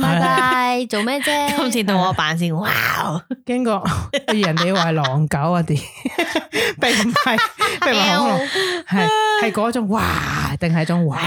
拜拜！Oh、God, 做咩啫？ 今次到我扮先，哇！經過人哋話狼狗啊，啲，變唔係變唔係？係係嗰種哇，定係種哇？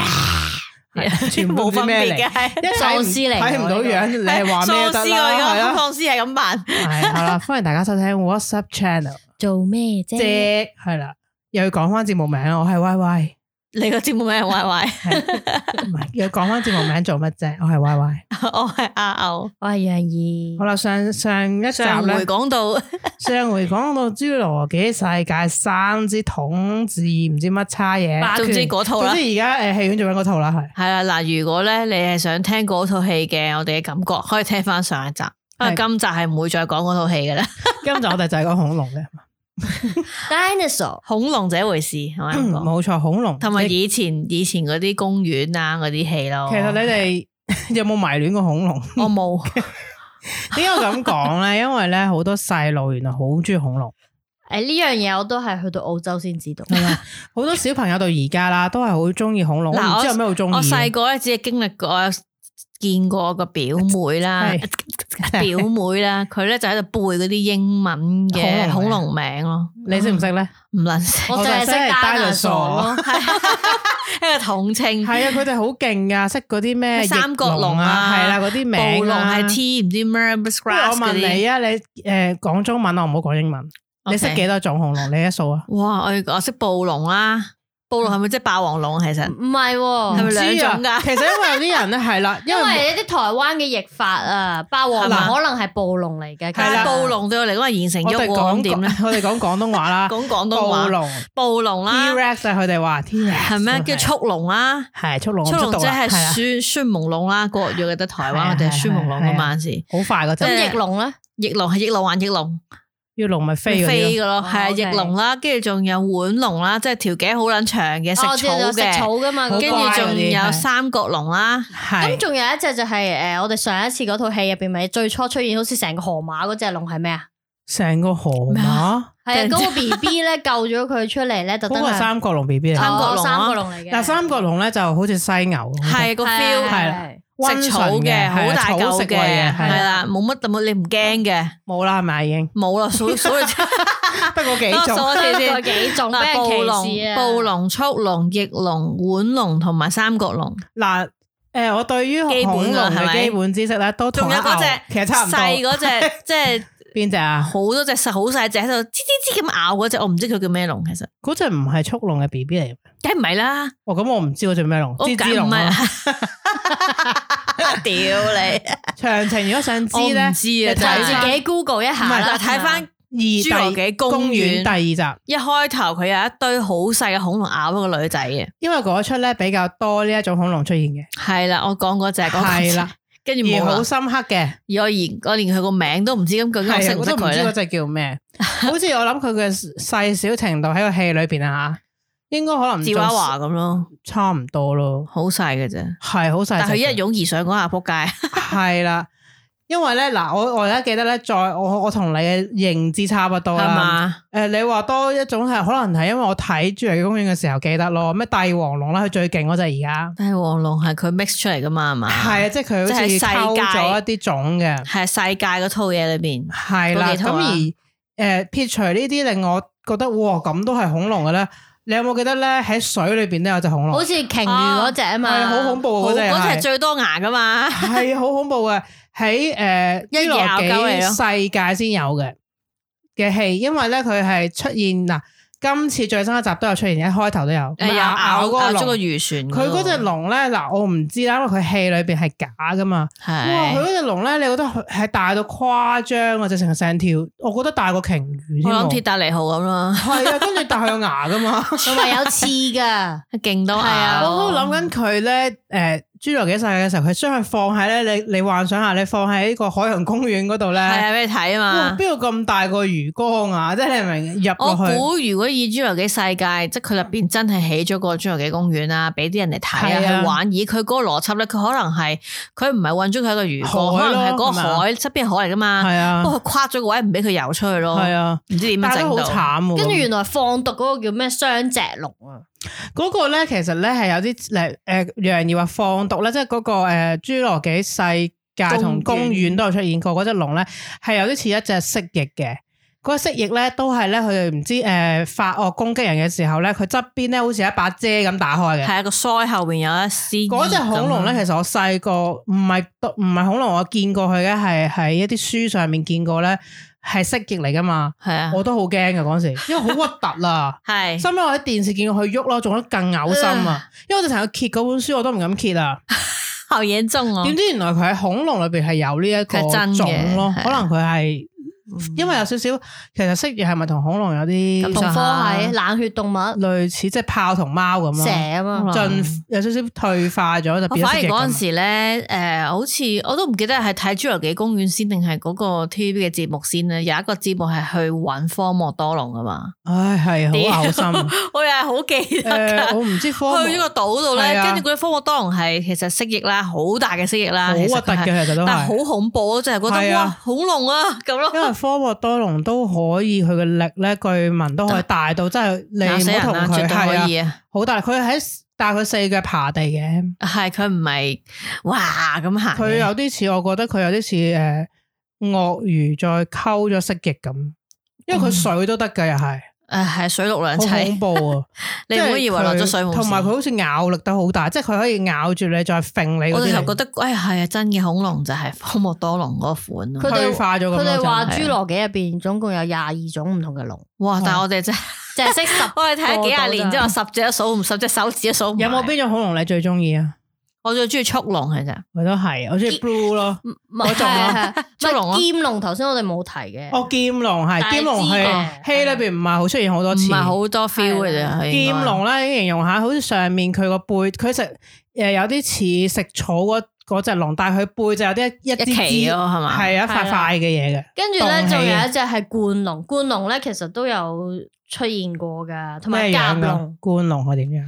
全部分別嚟，喪屍嚟，睇唔到樣，是你話咩得啦？喪屍係咁扮，係啦了！ 歡迎大家收聽 What's Up Channel 做。做咩啫？即係啦，又要講翻節目名我係 Y Y。Y 你個節目名係 Y Y，唔係要講翻節目名做乜啫？我係 Y Y，我係阿牛， 我係楊怡。好啦，上上一集上回講到， 上回講到侏羅紀世界三之統治，唔知乜差嘢，仲知嗰套啦。總之而家誒，戲、呃、院仲有嗰套啦，係係啦。嗱、 啊，如果咧你係想聽嗰套戲嘅，我哋嘅感覺可以聽翻上一集。啊是，今集係唔會再講嗰套戲嘅啦。 今集我哋就係講恐龍嘅。 Dinosaur 恐龍，這一回事係咪？冇錯， 恐龍同埋以前你以前嗰啲公園啊，嗰啲戲咯。其實你哋有冇迷戀過恐龍？我冇沒。 點解我咁講咧？因為咧好多細路原來好中意恐龍。誒、欸，呢樣嘢我都係去到澳洲先知道。好 多小朋友到而家啦，都係好中意恐龍。嘩我唔知有咩好中意。我細個咧只係經歷過。見過個表妹啦，表妹啦，佢咧就喺度背嗰啲英文嘅恐龍名咯。你識唔識咧？唔撚識，我淨係識單字數咯。一個統稱。係啊，佢哋好勁噶，識嗰啲咩？三角龍啊，係啦，嗰啲名啊，暴龍係 T 唔知咩 describe 嗰啲。不如我問你啊，你誒講中文，我唔好講英文。你識幾多種恐龍？你一數啊！哇！我我識暴龍啦。暴龍係咪即係霸王龍？其實唔係，係咪兩種噶其實因為有啲人咧，係啦，因為一啲台灣嘅譯法啊，霸王龍可能係暴龍嚟嘅。係啦，暴龍對我嚟講係完成喐我點咧？我哋講廣東話啦，講廣東話。暴龍，暴龍啦。T Rex 佢哋話 T Rex 係咩？叫速龍啦，係速龍。速龍即係迅迅猛龍啦。國語嘅得台灣，我哋係迅猛龍咁辦事。好快噶，咁翼龍咧？翼龍係翼龍玩翼龍？要龍咪飛嘅咯，係啊，翼龍啦，跟住仲有腕龍啦，即係條頸好捻長嘅，食草嘅。哦，食草嘅，跟住仲有三角龍啦。係。咁仲有一隻就係誒，我哋上一次嗰套戲入邊，咪最初出現好似成個河馬嗰隻龍係咩啊？成個河馬？係。嗰個 B B 咧救咗佢出嚟咧，特。嗰個三角龍 B B 係。三角龍啊！三角龍嚟嘅。但三角龍咧就好似犀牛，係個 feel 係。食草嘅，好大口食嘅，係啦，冇乜，冇你唔驚嘅，冇啦，係咪已經冇啦？數數，不過幾種，數知咗幾種咩？暴龍、暴龍、速龍、翼龍、腕龍同埋三角龍。嗱，誒，我對於恐龍嘅基本知識咧，都仲有嗰隻，其實差唔多細嗰隻，即係邊隻啊？好多隻好細隻喺度吱吱吱咁咬嗰隻，我唔知佢叫咩龍。其實嗰隻唔係速龍嘅 BB 嚟？梗唔係啦。哦，咁我唔知佢叫咩龍，吱吱龍啊。啊屌你！詳 情如果想知咧，自己 Google 一下啦，睇翻是侏羅紀公園第二集。一開頭佢有一堆好細嘅恐龍咬嗰個女仔嘅，因為嗰出咧比較多呢一種恐龍出現嘅。係啦，我講嗰隻係啦，跟住好深刻嘅，而我連我連佢個名都唔知咁，究竟識唔識佢，我都唔知嗰隻叫咩， 好似我諗佢嘅細小程度喺個戲裏邊啊。應該可能志華華咁咯，話話差唔多咯，好細嘅啫，係好細。但係一湧而上嗰下撲街，係啦， 因為咧嗱，我我而家記得咧，再我我同你嘅認知差不多啦。誒吧、呃，你話多一種係可能係因為我睇侏羅紀公園嘅時候記得咯，咩帝王龍啦，佢最勁我就而家。帝王龍係佢 mix 出嚟噶嘛，係嘛？係的啊，即係佢好似世界咗一啲種嘅，係世界嗰套嘢裏邊。係啦，咁而誒，撇除呢啲令我覺得哇，咁都係恐龍嘅咧。你有冇記得咧？喺水裏邊都有隻恐龍，好似鯨魚嗰隻啊嘛，好、哦、恐怖嗰隻係，嗰隻最多牙噶嘛，係好是 恐怖啊！喺誒侏羅紀世界先有嘅嘅戲，因為咧佢係出現嗱。呃今次最新一集都有出現，一開頭都有，誒有咬嗰個龍，做、呃呃呃呃、個漁船佢嗰隻龍咧，嗱我唔知啦，因為佢戲裏邊係假噶嘛。係是。哇！佢嗰隻龍咧，你覺得係大到誇張啊？即成日成條，我覺得大過鯨魚添。好似鐵達尼號咁咯。係 啊，跟住大個牙噶嘛，同埋 有刺噶，勁多。係啊。 我諗緊佢咧，誒、呃。侏羅紀世界嘅時候，佢將佢放喺咧，你你幻想下，你放喺呢個海洋公園嗰度咧，係俾你睇啊嘛。邊度咁大個魚缸啊？即係你明入過去。我估如果以侏羅紀世界，即係佢入邊真係起咗個侏羅紀公園啊，俾啲人嚟睇啊玩。以佢嗰個邏輯咧，佢可能係佢唔係韞咗佢一個魚缸，可能係嗰個海側邊海嚟噶嘛。係啊，不過佢跨咗個位唔俾佢游出去咯。係啊，唔知點樣整到。好慘。跟住原來放毒嗰個叫咩雙脊龍啊。嗰個咧，其實咧，係有啲誒誒，有人話放毒咧，即係嗰、嗰個誒侏羅紀世界同公園都有出現過嗰隻龍咧，係有啲似一隻蜥蜴嘅。嗰隻蜥蜴咧，都係咧佢哋唔知誒、呃、發惡、呃、攻擊人嘅時候咧，佢側邊咧，好似一把遮咁打開嘅。係啊，個腮後邊有一絲。嗰隻恐龍咧，其實我細個唔係唔係恐龍，我見過佢嘅係喺一啲書上面見過咧。係蜥蜴嚟噶嘛？係是啊，我都好驚噶嗰時，因為好核突啦。係，收尾我喺電視見到佢喐咯，仲得更嘔心啊！ 是啊，因為我哋成日揭嗰本書，我都唔敢揭啦。 好嚴重哦！點知原來佢喺恐龍裏邊係有呢一個種咯，啊、可能佢係。因為有少少，其實蜥蜴係咪同恐龍有啲同科係冷血動物類似，即係豹同貓咁咯，蛇啊嘛，有少少退化咗。反而嗰陣時咧，誒，好似我都唔記得係睇侏羅紀公園先定係嗰個 TVB 嘅節目先啦。有一個節目係去搵科莫多龍噶嘛。唉，係好留心，我又係好記得。我唔知科去咗個島度咧，跟住嗰啲科莫多龍係其實蜥蜴啦，好大嘅蜥蜴啦，好核突嘅，其實都但係好恐怖，就係覺得哇恐龍啊咁咯。科莫多龍都可以，佢嘅力咧，據聞都可以大到、啊、真係，你唔好同佢係啊，好、啊、大。佢喺，但係佢四腳爬地嘅，係佢唔係哇咁行，佢有啲似，我覺得佢有啲似誒鱷魚再溝咗蜥蜴咁，因為佢水都得㗎又係。嗯誒，係水陸兩棲，恐怖啊！ 你唔好以為落咗水會會，同埋佢好似咬力都好大，即係佢可以咬住你，再揈你我哋就覺得，誒、哎，係啊，真嘅恐龍就係、是、科莫多龍嗰款咯。佢哋化咗，佢哋話侏羅紀入邊總共有廿二種唔同嘅龍。哇！但係我哋真係淨係識十，我哋睇下幾廿年之後，十隻一數唔十隻手指一數有冇邊種恐龍你最中意啊？我最中意速龍其實，我都係，我中意 blue 咯，嗰種咯，速龍啊，劍龍，頭先我哋冇提嘅。哦，劍龍係，劍龍係，戲裏邊唔係好出現好多次，唔係好多 feel 嘅。劍龍咧，形容下，好似上面佢個背，佢食誒有啲似食草嗰嗰隻龍，但係佢背就有啲一一奇咯，係嘛？係一塊塊嘅嘢嘅。跟住咧，仲有一隻係冠龍，冠龍咧其實都有出現過噶，同埋甲龍。冠龍係點樣？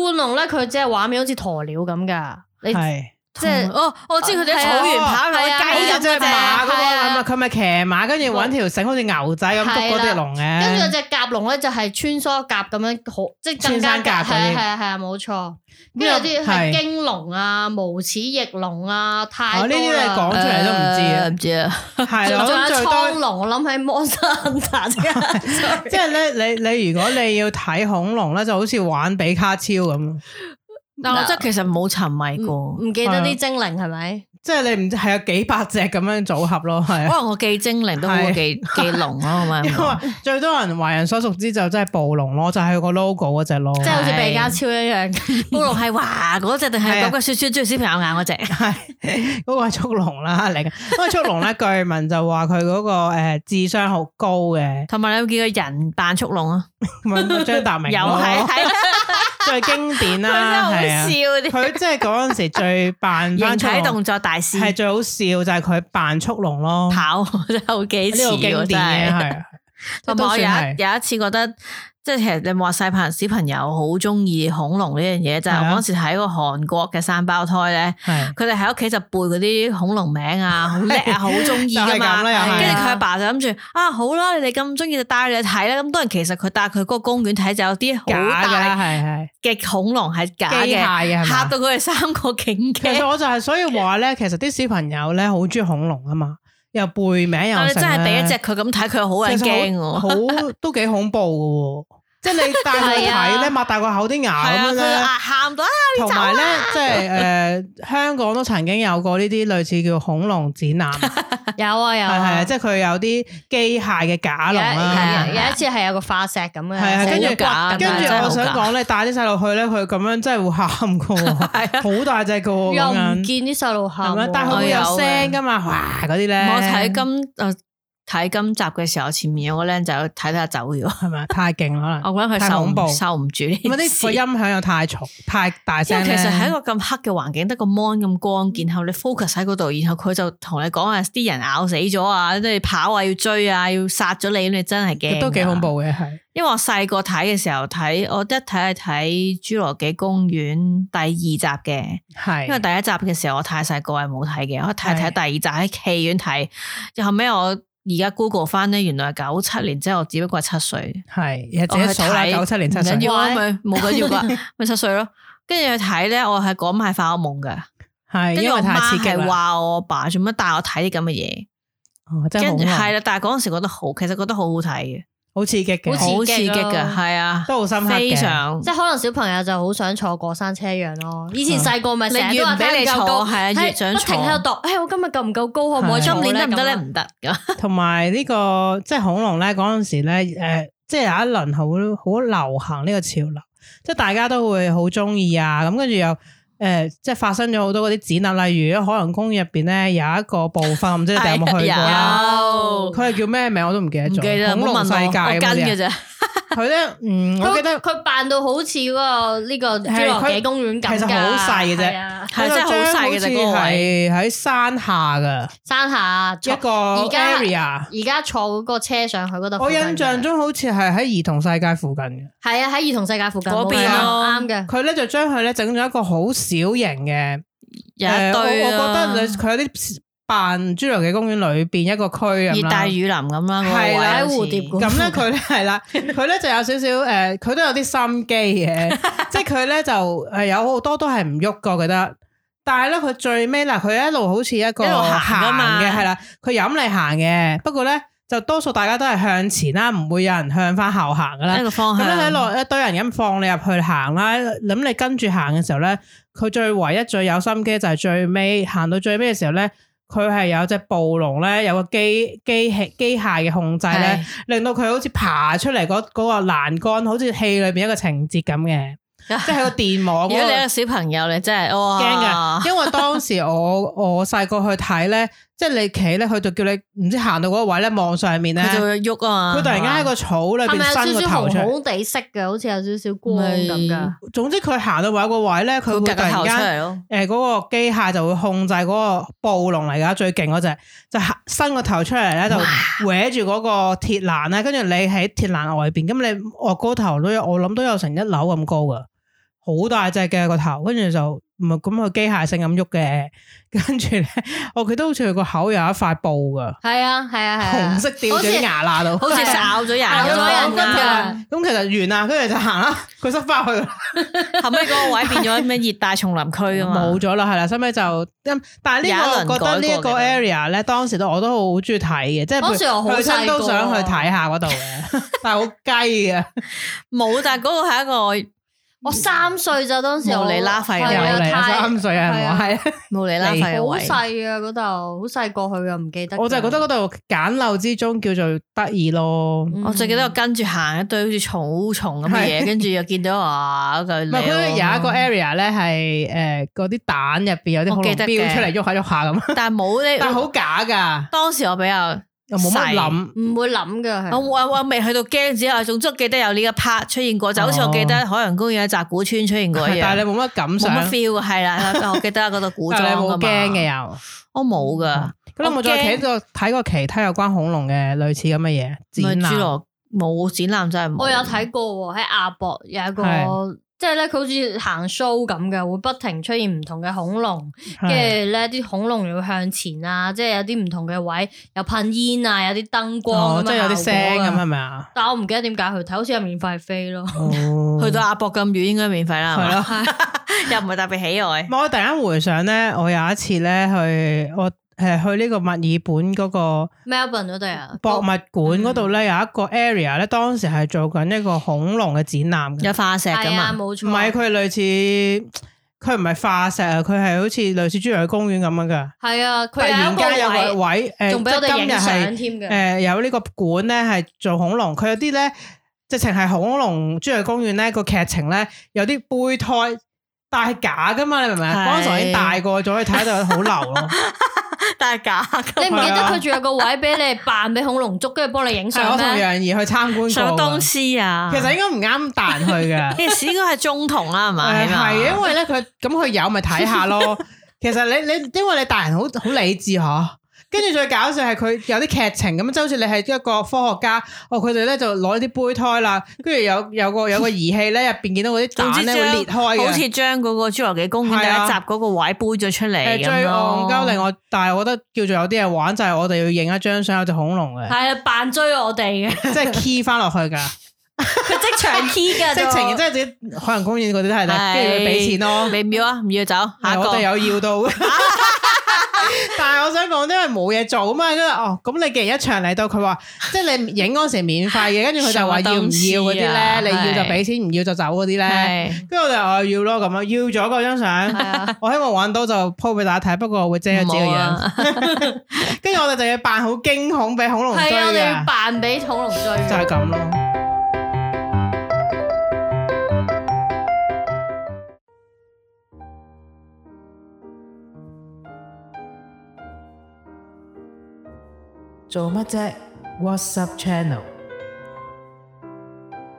冠龍咧，佢只係畫面好似鴕鳥咁噶，你。係即係，哦，我知佢哋草原跑，哦，佢駕馭隻馬噶咪、那個？佢咪騎馬，跟住搵條繩，好似牛仔咁捉嗰隻龍嘅。跟住，啊、有隻甲龍咧，就係穿梭甲咁樣，好即係穿山甲係啊係啊，冇錯，啊。跟住麼有啲係驚龍啊，無齒翼龍啊，太呢啲你講出嚟都唔知啊，係咯、哦，仲有蒼龍，我諗起《魔山金即係咧，你你，你，你如果你要睇恐龍咧，就好似玩比卡超咁。但我真係其實冇沉迷過，唔記得啲精靈係咪？即係你唔係有幾百隻咁樣組合咯，係。可能我記精靈都冇記記龍咯，係咪？因為最多人華人所熟知就真係暴龍咯，就係個 logo 嗰隻龍。即係好似《比卡超》一樣，暴龍係華嗰隻定係咁個雪小最小朋友眼嗰隻？係嗰個係速龍啦嚟嘅，因為速龍咧，據聞就話佢嗰個誒智商好高嘅。同埋有冇幾個人扮速龍啊？問張達明又係。 最經典啦，啊，佢真係好笑，啊，佢即係嗰陣時最扮翻出形體動作大師係最好笑，就係佢扮速龍咯，跑真係好幾次，呢 套 經典係。我有 有一次覺得。即係其實你話晒，憑小朋友好中意恐龍呢樣嘢，就係我嗰時睇個韓國嘅三胞胎咧，佢哋喺屋企就背嗰啲恐龍名啊，好叻啊，好中意噶嘛。跟住佢阿爸就諗住啊，好啦，你哋咁中意就帶你去睇啦。咁當然其實佢帶佢嗰個公園睇就有啲假嘅，係係嘅恐龍係假嘅，嚇到佢哋三個驚。其實我就係所以話咧，其實啲小朋友咧好中意恐龍啊嘛，又背名又真係俾一隻佢咁睇，佢好鬼驚嘅，好都幾恐怖嘅。即係你帶佢睇咧，擘大個口啲牙咁樣咧，喊到啦！同埋咧，即係誒，香港都曾經有過呢啲類似叫恐龍展覽，有啊有，係係，即係佢有啲機械嘅假龍啊，係啊，有一次係有個化石咁樣，係啊，跟住骨，跟住我想講咧，帶啲細路去咧，佢咁樣真係會喊噶，係啊，好大隻個，又唔見啲細路喊，但係佢會有聲噶嘛，嘩嗰啲咧，我睇今誒。睇今集嘅時候，前面有個僆仔睇睇下走咗，係咪？太勁可能， 我覺得佢受唔受唔住呢啲。個音響又太嘈，太大聲。即係其實喺一個咁黑嘅環境，得 個 mon 咁光，然後你 focus 喺嗰度，然後佢就同你講下啲人咬死咗啊，即係跑啊，要追啊，要殺咗你，你真係驚。都幾恐怖嘅係。因為我細個睇嘅時候睇，我一睇係睇《侏羅紀公園》第二集嘅，係是。因為第一集嘅時候我太細個，係冇睇嘅。我睇睇第二集喺戲是院睇，後尾我。而家 Google 翻咧，原來係九七年之後，只不過係七歲。係，自己數啦，九七年七歲。唔緊要，咪冇緊要吧？咪七歲咯。跟住去睇咧，我係嗰晚發噩夢噶。係，因為我媽係話我阿爸做乜帶我睇啲咁嘅嘢。哦，真係。係啦，但係嗰陣時覺得好，其實覺得好好睇嘅。好刺激嘅，好刺激嘅，係啊，都好深刻嘅。非常即係可能小朋友就好想坐過山車一樣咯。以前細個咪成日都話畀你坐，係啊，越想坐，啊、不停喺度度。哎，我今日夠唔夠高，可唔可以？今年得唔得咧？唔得噶。同埋呢個即係恐龍咧，嗰陣時咧，誒、即係、呃、有一輪好好流行呢個潮流，即係大家都會好中意啊。咁跟住又。誒、呃，即係發生咗好多嗰啲展覽，例如海洋公園入邊咧，有一個部分，唔知你哋有冇去過啦。佢係 有叫咩名我都唔記得咗。記恐龍世界咁樣。佢咧， 嗯，我記得佢扮到好似嗰、這個呢、這個侏羅紀公園咁噶。其實好細嘅啫，係對真係好細嘅。就個位喺山下噶，山下一個 area。而家坐嗰個車上去嗰度。我印象中好似係喺兒童世界附近嘅。係啊，喺兒童世界附近嗰邊啱嘅。佢咧、啊啊、就將佢咧整咗一個好小型嘅。誒也對、呃，我我覺得佢有啲。扮侏羅紀公園裏邊一個區咁啦，熱帶雨林咁啦，的蝴蝶咁咧，佢咧係啦，佢咧 就有少少誒，佢、呃、都有啲心機嘅， 即係佢咧就係有好多都係唔喐個，覺得，但係咧佢最尾嗱，佢一路好似一個一路行嘅係啦，佢飲你行嘅，不過咧就多數大家都係向前啦，唔會有人向翻後行噶啦，咁咧喺落一堆人咁放你入去行啦，咁你跟住行嘅時候咧，佢最唯一最有心機就係最尾行到最尾嘅時候咧。佢係有隻暴龍咧，有個機機器機械嘅控制呢是的 令到佢好似爬出嚟，嗰嗰個欄杆，好似戲裏面一個情節咁嘅。即係個電網、嗰個。如果你有小朋友你真係驚嘅，因為當時我我細個去睇咧， 即係你企咧，佢就叫你唔知行到嗰個位咧，望上面咧，佢就喐啊！佢突然間喺個草裏便吧伸個頭出嚟。係咪有少少紅紅色嘅？好似有少少光咁嘅。是總之佢行到位個位咧，佢會突然間誒嗰個機械就會控制嗰個暴龍嚟噶，最勁嗰隻就伸個頭出嚟咧，就歪住嗰個鐵欄咧。哇跟住你喺鐵欄外邊，咁你我、嗰個頭都有，我諗都有成一樓咁高噶。好大隻嘅個頭，跟住就唔係咁佢機械性咁喐嘅，跟住咧，哦佢都好似佢個口有一塊布噶，係啊係啊，啊紅色吊咗牙罅度像，都好似咬咗牙咁樣。咁其實完啦，跟住就行啦，佢縮翻去啦。 後尾個位變咗咩熱帶叢林區啊嘛，冇咗啦係啦，後尾就。但係呢，我覺得呢個 area 咧，當時都我都好中意睇嘅，即係當時我本身都想去睇下嗰度嘅，但係好雞嘅。冇。但係嗰個係一個。我三歲就當時我你拉細嘅，我三歲啊，係冇你拉細好細啊嗰度，好細過去嘅，唔記得。我就係覺得嗰度簡陋之中叫做得意咯。我最記得我跟住行一堆好似草叢咁嘅嘢，跟住又見到話一佢有一個 area 咧，係誒嗰啲蛋入邊有啲恐龍標出嚟，喐下喐下咁。但係冇呢，但好假噶。當時我比較。又冇乜諗，唔會諗噶。我我我未去到驚，之後仲捉記得有呢個 part 出現過，就好似我記得海洋公園嘅集古村出現過一樣。但係你冇乜感受，冇乜 feel 係啦，我記得嗰度古裝。但係你冇驚嘅又？我冇噶。咁我再睇個睇個其他有關恐龍嘅類似咁嘅嘢展覽，冇展覽真係冇。我有睇過喺亞博有一個。即係咧，佢好似行 show 咁嘅，會不停出現唔同嘅恐龍，跟住咧啲恐龍又會向前啊，即係有啲唔同嘅位，又噴煙啊，有啲燈光，哦，即係有啲聲咁，係咪啊？但係我唔記得點解去睇，好似係免費飛咯，哦、 去到阿博咁遠應該免費啦，又唔係特別喜愛。我突然間回想咧，我有一次咧去我。係去呢個墨爾本嗰個 Melbourne 嗰度啊！博物館嗰度咧有一個 area 咧，當時係做緊一個恐龍嘅展覽，有化石噶嘛，冇錯。唔係佢類似，佢唔係化石啊，佢係好似類似侏羅紀公園咁樣噶。係啊，佢有個位，仲俾我哋影相添嘅。誒，有呢個館咧係做恐龍，佢有啲咧，直情係恐龍侏羅紀公園咧個劇情咧有啲胚胎，但係假噶嘛，你明唔明？嗰時已經大個咗，你睇到好流咯，啊。 但係假，你唔記得佢仲有個位俾你扮俾 恐龍捉，跟住幫你影相咩？我同楊怡去參觀，想當師啊！其實應該唔啱大人去嘅，應該係中童啦，係咪？ 係啊，因為咧，佢咁佢有咪睇下咯。其實你你，你，因為你大人好好理智吓。 跟住最搞笑係佢有啲劇情咁，就好似你係一個科學家，哦，佢哋咧就攞啲胚胎啦，跟住有有個有個儀器咧入邊見到嗰啲蛋咧會裂開，好似將嗰個侏羅紀公園第一集嗰個位背咗出嚟咁、啊、樣。更加但係我覺得叫做有啲人玩就係、是、我哋要影一張相有隻恐龍嘅。係啊、嗯，扮追我哋嘅，即係 key 翻落去噶，佢 即場 key 噶，即場即係自己海洋公園嗰啲都係跟住俾錢咯，俾唔要啊，唔要走，嗯、我哋有要到。 但係我想講，因為冇嘢做啊嘛，咁啊哦，咁你既然一場嚟到，佢話即係你影嗰時免費嘅，跟住佢就話要唔要嗰啲咧，你要就俾錢，唔要就走嗰啲咧。跟住的我哋我要咯，咁樣要咗嗰張相，的我希望搵到就 po 俾大家睇，不過我會遮一遮樣。跟住我哋就要扮好驚恐俾恐龍追啊！係啊，我哋要扮俾恐龍追。就係咁咯。做乜啫？WhatsApp channel？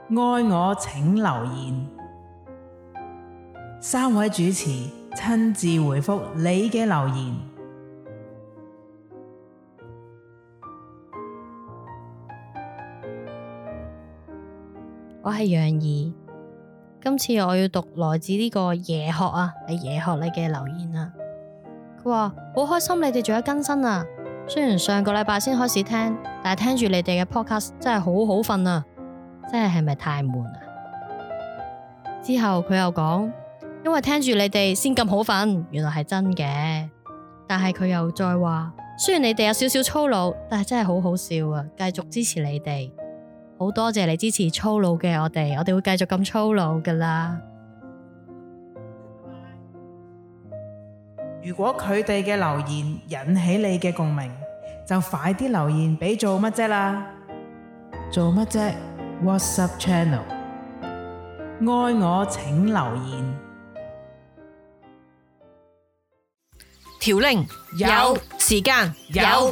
愛我請留言，三位主持親自回復你嘅留言。我係楊怡，今次我要讀來自呢個野學啊，係野學你嘅留言啊。佢話好開心你哋仲有更新啊！雖然上個禮拜先開始聽，但係聽住你哋嘅 podcast 真係好好瞓啊！真係係咪太悶啊？之後佢又講，因為聽住你哋先咁好瞓，原來係真嘅。但係佢又再話，雖然你哋有少少粗魯，但係真係好好笑啊！繼續支持你哋，好多謝你支持粗魯嘅我哋，我哋會繼續咁粗魯㗎喇。如果佢哋嘅留言引起你嘅共鳴，就快啲留言俾做乜啫啦？做乜啫？WhatsApp Channel，愛我請留言。條鈴有時間有，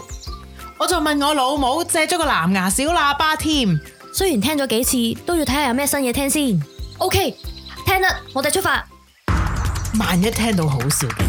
我仲問我老母借咗個藍牙小喇叭添。雖然聽咗幾次，都要睇下有咩新嘢聽先。OK，聽得我哋出發。萬一聽到好笑嘅。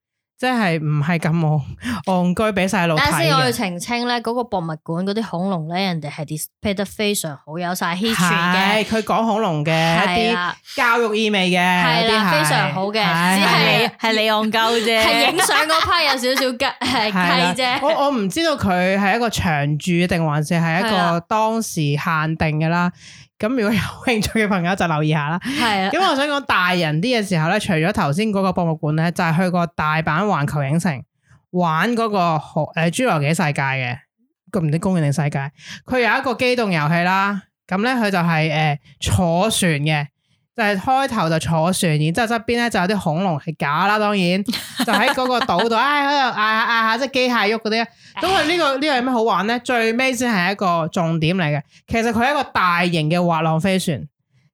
即係唔係咁戇戇居俾晒老師睇。但係我要澄清咧，嗰、嗰個博物館嗰啲恐龍咧，人哋係 display 得非常好，有晒 heat 嘅。佢講恐龍嘅、啊、一啲教育意味嘅，係、啊、非常好嘅，啊、只係是係你戇鳩啫。係影相嗰 part 有少少吉係畸啫。我我唔知道佢係一個長住定還是係一個當時限定嘅啦。 咁如果有興趣嘅朋友就留意下啦。係啊，咁我想講大人啲嘅時候咧，除咗頭先嗰個博物館咧，就係去過大阪環球影城玩嗰個海，誒侏羅紀世界嘅，咁唔知公園定世界，佢有一個機動遊戲啦。咁咧佢就係誒坐船嘅。就係開頭就坐船，然之後側邊咧就有啲恐龍係假啦，當然就喺嗰個島度，啊喺度嗌下嗌下即係機械喐嗰啲。咁佢呢個呢個有咩好玩咧？最尾先係一個重點嚟嘅。其實佢係一個大型嘅滑浪飛船，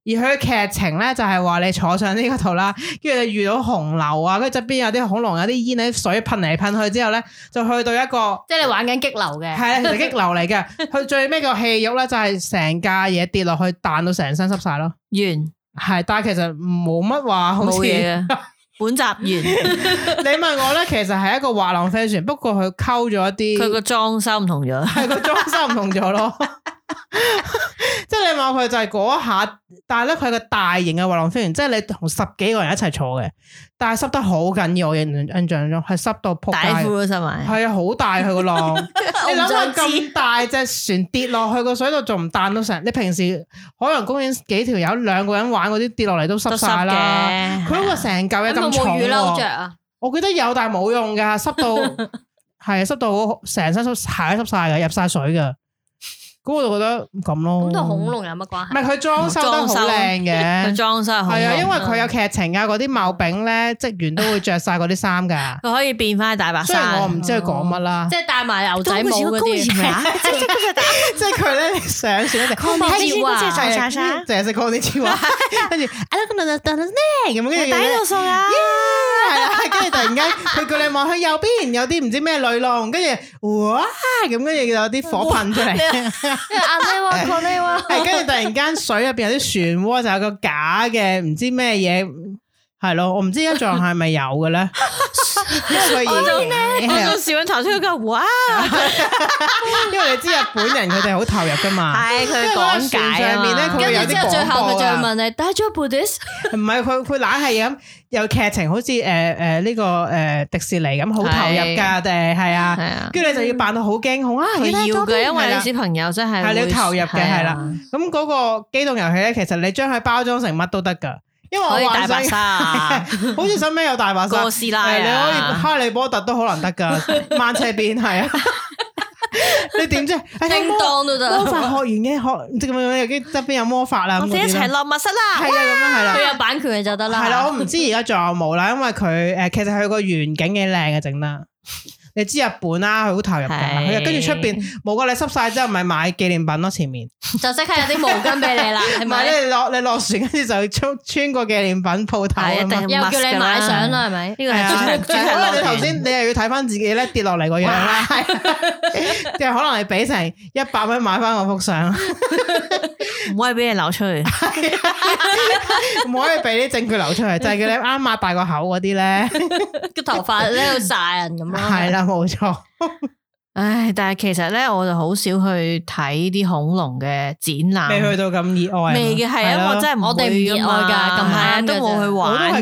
而佢嘅劇情咧就係話你坐上呢個度啦，跟住你遇到洪流啊，跟住側邊有啲恐龍，有啲煙喺水噴嚟噴去之後咧，就去到一個即係你玩緊激流嘅，係激流嚟嘅。佢最尾個戲肉咧就係成架嘢跌落去彈到成身濕晒咯，完。係，但係其實冇乜話好似。冇嘢啊， 本集完。 你問我咧，其實係一個滑浪風帆，不過佢溝咗一啲。佢個裝修唔同咗。係個裝修唔同咗咯。即係 你望佢就係嗰下，但係咧佢係個大型嘅滑浪飛船，即係你同十幾個人一齊坐嘅，但係濕得好緊要，我印印象中係濕到扑街，係啊，好大佢個浪， 你諗 下咁大隻船跌落去個水度，仲唔彈到成？你平時海洋公園幾條友兩個人玩嗰啲跌落嚟都濕晒啦，佢嗰個成嚿嘢咁重咯，有有啊、我覺得有但係冇用嘅，濕到係濕 到成身濕，鞋都濕晒嘅，入晒水嘅。嗰度覺得咁咯，咁同恐龍有乜關係？唔係佢裝修得好靚嘅，裝修係啊，因為佢有劇情啊，嗰啲貌炳咧，職員都會着晒嗰啲衫噶，佢可以變翻大白。所以我唔知佢講乜啦。即係戴埋牛仔帽嗰啲。即係佢咧上船咩？恐龍之王，最正恐龍之度係啊。係啦，跟住突然間佢叫你望去，右邊有啲唔知咩雷龍，跟住哇，咁，跟住有啲火噴出嚟。阿咩咩係跟住突然間水入邊有啲漩渦，就有個假嘅唔知咩嘢。係咯，我唔 知依家仲係咪有嘅咧？我仲咧，我仲試揾查出佢。哇！因為你知日本人佢哋好投入噶嘛。係佢講解啊。跟住之後，最後咪就問你。大丈夫？唔係佢，佢懶係咁有劇情，好似誒誒呢個誒迪士尼咁好投入㗎。定係啊，係啊，跟住你就要扮到好驚恐啊！要嘅，因為你小朋友真係係你要投入嘅係啦。咁嗰個機動遊戲咧，其實你將佢包裝成乜都得㗎。因為我可大白鯊，好似新咩有大白鯊，哥斯拉，你可以哈利波特都可能得噶，漫切邊係啊，你點啫？誒，叮噹都得，學完嘅學即咁樣，又跟側邊有魔法啦，我哋一齊落密室啦，係啊，咁樣係啦，佢有版權就得啦。係啦，我唔知而家仲有冇啦，因為佢誒，其實佢個園景嘅靚嘅整得，你知日本啦，佢好投入噶，跟住出邊冇個你濕晒之後咪買紀念品咯前面。就即刻有啲毛巾俾你啦，係咪？咧落你落船嗰陣就要穿穿過紀念品鋪頭，又叫你買相啦，係咪？呢個係可能你頭先你又要睇翻自己咧跌落嚟個樣啦，係，又可能你俾成一百蚊買翻個幅相，唔可以俾你流出去，唔可以俾啲證據流出去，就係叫你啱擘大個口嗰啲咧，個頭髮喺度晒人咁樣，係啦，冇錯。唉，但係其實咧，我就好少去睇啲恐龍嘅展覽，未去到咁熱愛，未嘅係啊，我真係我哋唔熱愛噶，近排都冇去玩嘅，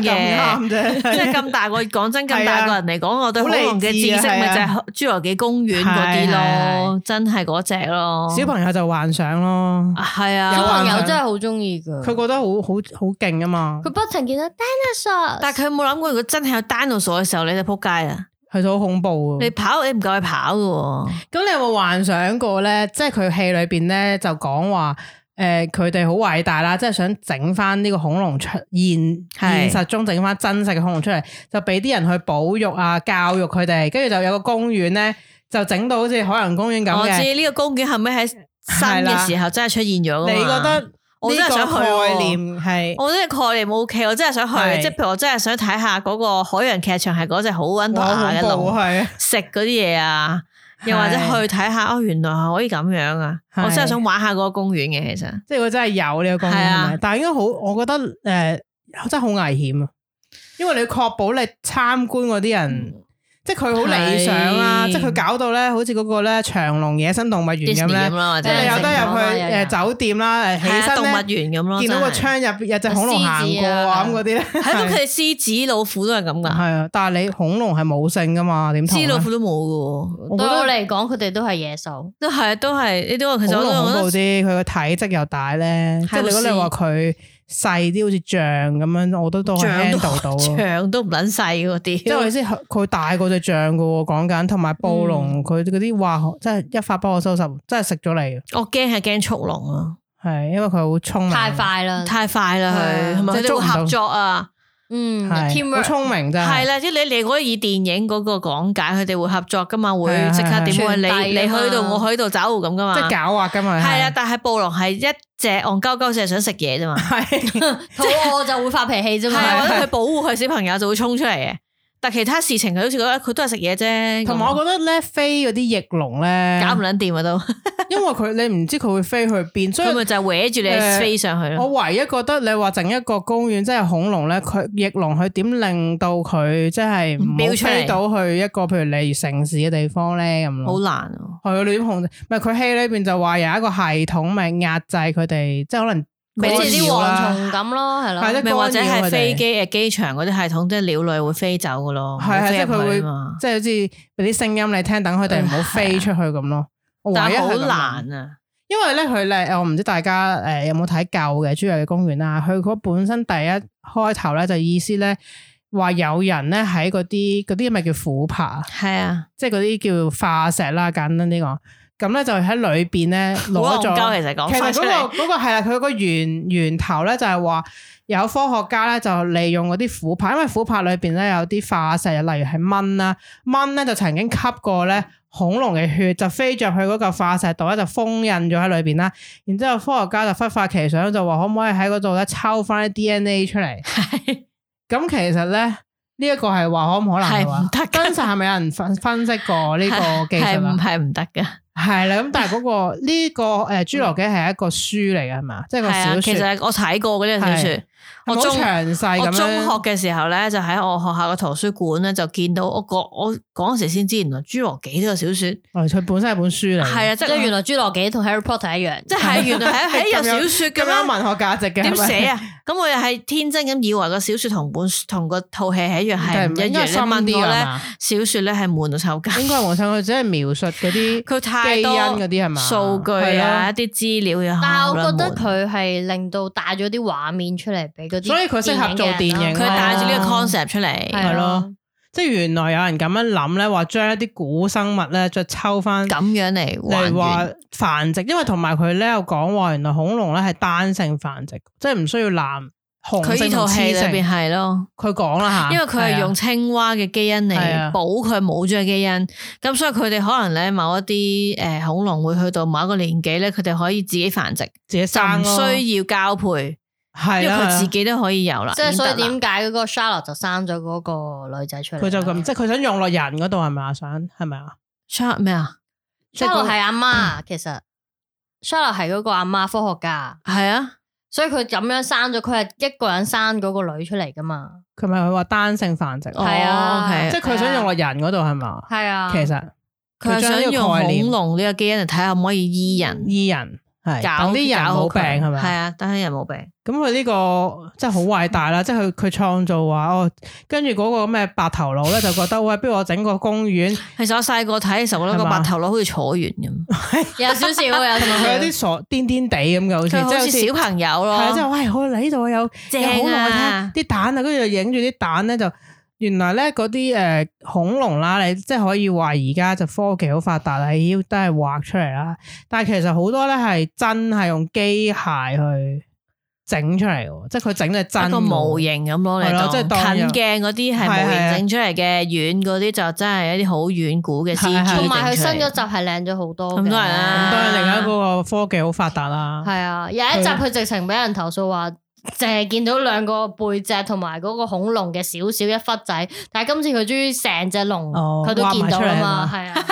即係咁大個，講真咁大個人嚟講，我對恐龍嘅知識咪就侏羅紀公園嗰啲咯，真係嗰隻咯。小朋友就幻想咯，係啊，小朋友真係好中意噶，佢覺得好好好勁啊嘛，佢不曾見到 dinosaur，但係佢冇諗過，如果真係有 dinosaur 嘅時候，你就撲街啊！係好恐怖噶，你跑你唔夠佢跑噶。咁你有冇幻想過咧？即係佢戲裏邊咧就講話，誒、呃，佢哋好偉大啦，即係想整翻呢個恐龍出現，嗯、現實中整翻真實嘅恐龍出嚟，就俾啲人去保育啊，教育佢哋，跟住就有個公園咧，就整到好似海洋公園咁嘅。我知呢、這個公園係咪喺新嘅時候真係出現咗。你覺得？我真係想去概念係，我啲概念冇 OK，我真係想去，即係譬如我真係想睇下嗰個海洋劇場係嗰隻好溫度下嘅路，食嗰啲嘢啊，是又或者去睇下哦，原來可以咁樣啊！是我真係想玩下嗰個公園嘅，其實即係如果真係有呢個公園，啊，但係應該好，我覺得誒、呃、真係好危險啊！因為你確保你參觀嗰啲人。即係佢好理想啦，即係佢搞到咧，好似嗰個咧長隆野生動物園咁咧，即係你有得入去誒酒店啦，誒起身咧，動物園咁咯，見到個窗入邊有隻恐龍行過啊咁嗰啲咧。係咯，佢哋獅子、老虎都係咁㗎。係啊，但係你恐龍係冇性㗎嘛？點同？獅老虎都冇㗎，對我嚟講，佢哋都係野獸。都係，都係，呢啲其實好恐怖啲。佢個體積又大咧，即係如果你話佢。細啲好似象咁樣，我覺都 h a n d 到，象都唔卵細喎，屌！因為即係先，佢大過隻象噶，講緊，同埋暴龍佢嗰啲化真即係一發波我收拾，真係食咗你。我驚係驚速龍啊，係因為佢好衝，太快啦，太快啦佢，佢做合作啊。嗯，好聰明真係，係啦，即係你你可以以電影嗰個講解，佢哋會合作噶嘛，會即刻點？你你去到我去度走咁噶嘛，即係狡猾噶嘛。係啦，但係暴龍係一隻戇鳩鳩，就係想食嘢啫嘛，肚餓就會發脾氣啫嘛，我覺得佢保護佢小朋友就會衝出嚟嘅。但係其他事情佢好似覺得佢都係食嘢啫，同埋我覺得咧麼飛嗰啲翼龍咧搞唔捻掂啊都， 因為佢你唔知佢會飛去邊，所以佢咪就搲住你飛上去咯、呃。我唯一覺得你話整一個公園即係恐龍咧，佢翼龍佢點令到佢即係飆出到去一個譬如嚟城市嘅地方咧咁咯，好難啊！係啊，你點控制？唔係佢戲呢邊就話有一個系統，咪壓制佢哋，即係可能。好似啲蝗蟲咁咯，係咯，或者係飛機誒機場嗰啲系統，即係鳥類會飛走嘅咯，係係即係佢會，即係好似俾啲聲音你聽，等佢哋唔好飛出去咁咯。但係好難啊，因為咧佢咧，我唔知大家誒有冇睇舊嘅侏羅紀嘅公園啦，佢本身第一開頭咧就意思咧話有人咧喺嗰啲嗰啲咪叫琥珀，係啊，即係嗰啲叫化石啦，簡單啲講。咁咧就喺裏邊咧攞咗。其實嗰個嗰個係啦，佢個源源頭咧就係話有科學家咧就利用嗰啲琥珀，因為琥珀裏邊咧有啲化石，例如係蚊啦，蚊咧就曾經吸過咧恐龍嘅血，就飛着去嗰嚿化石度咧就封印咗喺裏邊啦。然之後科學家就忽發奇想，就話可唔可以喺嗰度咧抽翻啲 DNA 出嚟？咁其實咧呢一個係話可唔可能係唔得？跟實係咪有人分分析過呢個技術唔係唔得嘅？是不是不係啦，咁但係嗰、那個呢、 這個誒《侏羅紀》係一個書嚟嘅係嘛，即係、就是、個小說。啊、其實我睇過嗰隻小說，好詳細。我中學嘅時候咧，就喺我學校嘅圖書館咧，就見到我覺我嗰時先知，原來《侏羅紀》呢個小說，誒、哦，佢本身係本書嚟。係啊，即、就、係、是、原來《侏羅紀》同《Harry Potter》一樣，即係 原來係有小說咁 樣文學價值嘅，點寫啊？咁我又係天真咁以為個小說同本同個套戲係一樣，係啲嘅咧。小說咧係悶到抽筋。應該我想佢只係描述嗰啲佢太多嗰啲係咪數據啊對吧 一啲資料又，對吧 但係我覺得佢係令到帶咗啲畫面出嚟俾嗰啲，所以佢適合做電影，佢帶住呢個 concept 出嚟係咯。對吧 即係原來有人咁樣諗咧，話將一啲古生物咧再抽翻咁樣嚟嚟話繁殖，因為同埋佢咧有講話，原來恐龍咧係單性繁殖，即係唔需要男佢呢套戲裏邊係咯，佢講啦吓，因為佢係用青蛙嘅基因嚟補佢冇咗嘅基因，咁、啊、所以佢哋可能咧某一啲誒、呃、恐龍會去到某一個年紀咧，佢哋可以自己繁殖，自己生，唔需要交配。係，即係佢自己都可以有啦。即係所以點解嗰個 Charlotte 就生咗嗰個女仔出嚟？佢就咁，即係佢想用落人嗰度係咪啊？想係咪啊？Charlotte 咩啊？Charlotte 係阿媽，其實 Charlotte 係嗰個阿媽科學家。係啊，所以佢咁樣生咗，佢係一個人生嗰個女出嚟噶嘛？佢咪佢話單性繁殖？係啊，即係佢想用落人嗰度係咪？係啊，其實佢想用恐龍呢個基因嚟睇下可唔可以醫人？醫人。係，啲人冇病係咪？係吧啊，但係人冇病。咁佢呢個即係好偉大啦，即係佢佢創造話哦，跟住嗰個咩白頭佬咧就覺得，喂、 哎，不如我整個公園。其實我細個睇嘅時候，我覺得個白頭佬好似坐完咁吧，有少少， 有同埋佢有啲傻癲癲地咁嘅， 對好似即係小朋友咯。係啊，即係喂，我嚟呢度，有正啊，啲蛋啊，跟住就影住啲蛋咧就。原來咧嗰啲誒恐龍啦，你即係可以話而家就科技好發達啦，要都係畫出嚟啦。但係其實好多咧係真係用機械去整出嚟嘅，即係佢整嘅真。一個模型咁咯，嚟就吧當近鏡嗰啲係模型整是出嚟嘅，遠嗰啲就真係一啲好遠古嘅。同埋佢新嗰集係靚咗好多。咁都係啊，咁都係另一個科技好發達啦。係啊，有一集佢直情俾人投訴話。淨係見到兩個背脊同埋嗰個恐龍嘅小小一忽仔，但係今次佢終於成隻龍，佢都見到啊嘛，係啊，